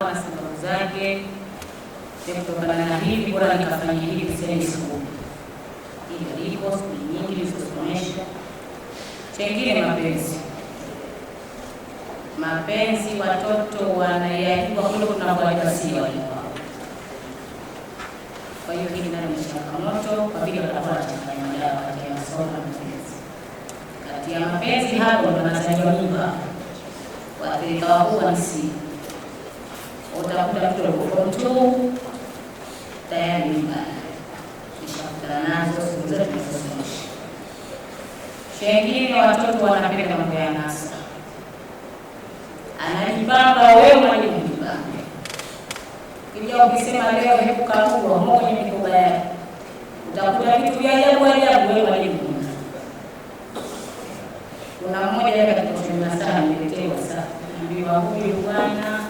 sanamu zake kutokana na hivi bora nikafanya hivi nisende sukuma ililiko siku nyingi lizosomesha. chengine mapenzi mapenzi, watoto wanayajua kule kunakoajasia walikuwa. Kwa hiyo hili nalo ni changamoto kwa vile watakuwa wanachanganya madawa kati ya masomo na mapenzi. Kati ya mapenzi hapo ndo wanazaliwa mimba, waathirika wakubwa ni utakuta mtu alikuwa tu tayari mbaya, kisha kutana nazo siku zote tunazosomesha. Wengine watoto wanapenda mambo ya nasa, anajibamba wewe mwenye kujibamba. Kija ukisema leo hebu kakua mwenye mikoba yako, utakuta vitu vya ajabu ajabu, wewe mwenye Kuna mmoja katika kushona sana, niletewa sana, naambiwa huyu bwana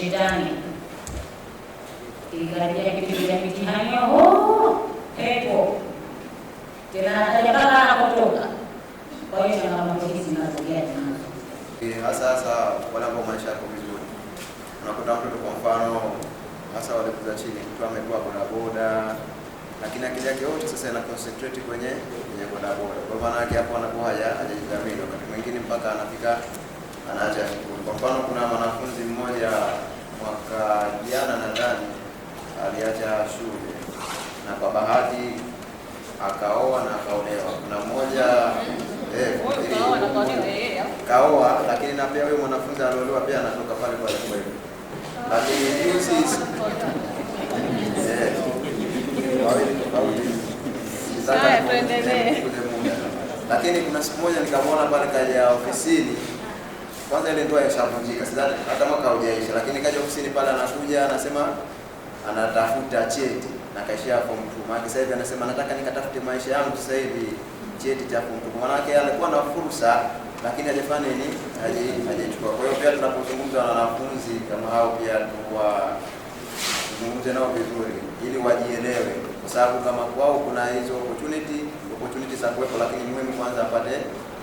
Shetani ilikaribia kipindi cha mitihani oh, pepo tena nataja mpaka anapotoka. Kwa hiyo changamoto hizi nazogia nazo eh, hasa hasa wanapo maisha yako vizuri, unakuta mtoto kwa mfano hasa walikuza chini, mtu amekuwa bodaboda lakini akili yake yote sasa ina concentrate kwenye kwenye bodaboda. Kwa maana yake hapo anakuwa haja hajajidhamini, wakati mwingine mpaka anafika anaacha shukuru. Kwa mfano kuna mwanafunzi mmoja aliacha shule na kwa bahati akaoa na akaolewa. Kuna mmoja eh, kaoa lakini na pia huyo mwanafunzi aliolewa pia anatoka pale pale kweli, lakini juzi eh, lakini kuna siku moja nikamwona pale kaja ofisini. Kwanza ile ndoa ishavunjika, sidhani hata mwaka haujaisha, lakini kaja ofisini pale anakuja anasema anatafuta cheti na kaishia form 2. Maana sasa hivi anasema nataka nikatafute maisha yangu sasa hivi cheti cha form 2. Maana yake alikuwa na fursa lakini alifanya nini, hajachukua. Kwa hiyo pia tunapozungumza na wanafunzi kama hao pia tuwa tuzungumze nao vizuri ili wajielewe, kwa sababu kama kwao kuna hizo opportunity opportunity za kuwepo, lakini muhimu kwanza apate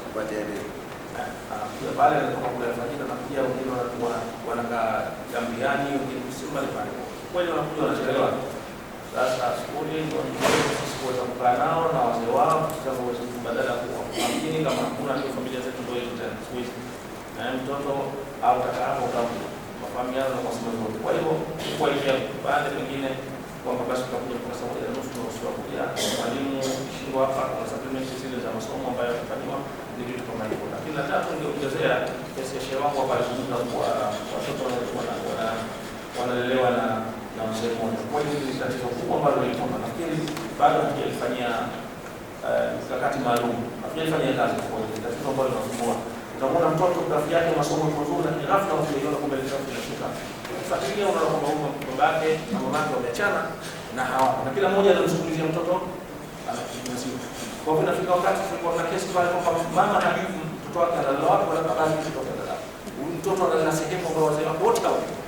kupata elimu anakuja ah, pale, anatoka kule alfajiri, anakuja wengine wanakuwa wanakaa jambiani, wengine si mbali kweli wanakuja wanachelewa. Sasa skuli kuweza kukaa nao na wazee wao badala ya kuamkini, kama hakuna hiyo familia zetu ndio hizo tena siku hizi, na mtoto au kaka yako kama mafamilia yao, kwa sababu kwa hivyo kwa hivyo baadhi pengine kwamba basi utakuja kwa saa ya nusu na usiwakuja mwalimu kishindwa hapa, kuna supplement zile za masomo ambayo yanafanywa ni vitu kama hivyo. Lakini la tatu ningeongezea kesi ya shehe wangu hapa alizungumza kwa watoto wanalelewa na na mzee mmoja. Kwa hiyo ni tatizo kubwa ambalo lipo, lakini bado hatujalifanyia eh, mkakati maalum, hatujalifanyia kazi. Kwa hiyo tatizo ambalo linasumbua. Utamwona mtoto grafu yake masomo mazuri, nzuri, lakini ghafla unaiona kumbe ile grafu inashuka. Fuatilia, unaona kwamba huko baba yake na mama yake wameachana na hawa, na kila mmoja anamzungumzia mtoto anazungumzia. Kwa hivyo nafika wakati kulikuwa na kesi pale kwamba mama hajui mtoto wake analala wapi wala baba hajui mtoto analala Mtoto analala sehemu ambayo wazee wake wote hawajui.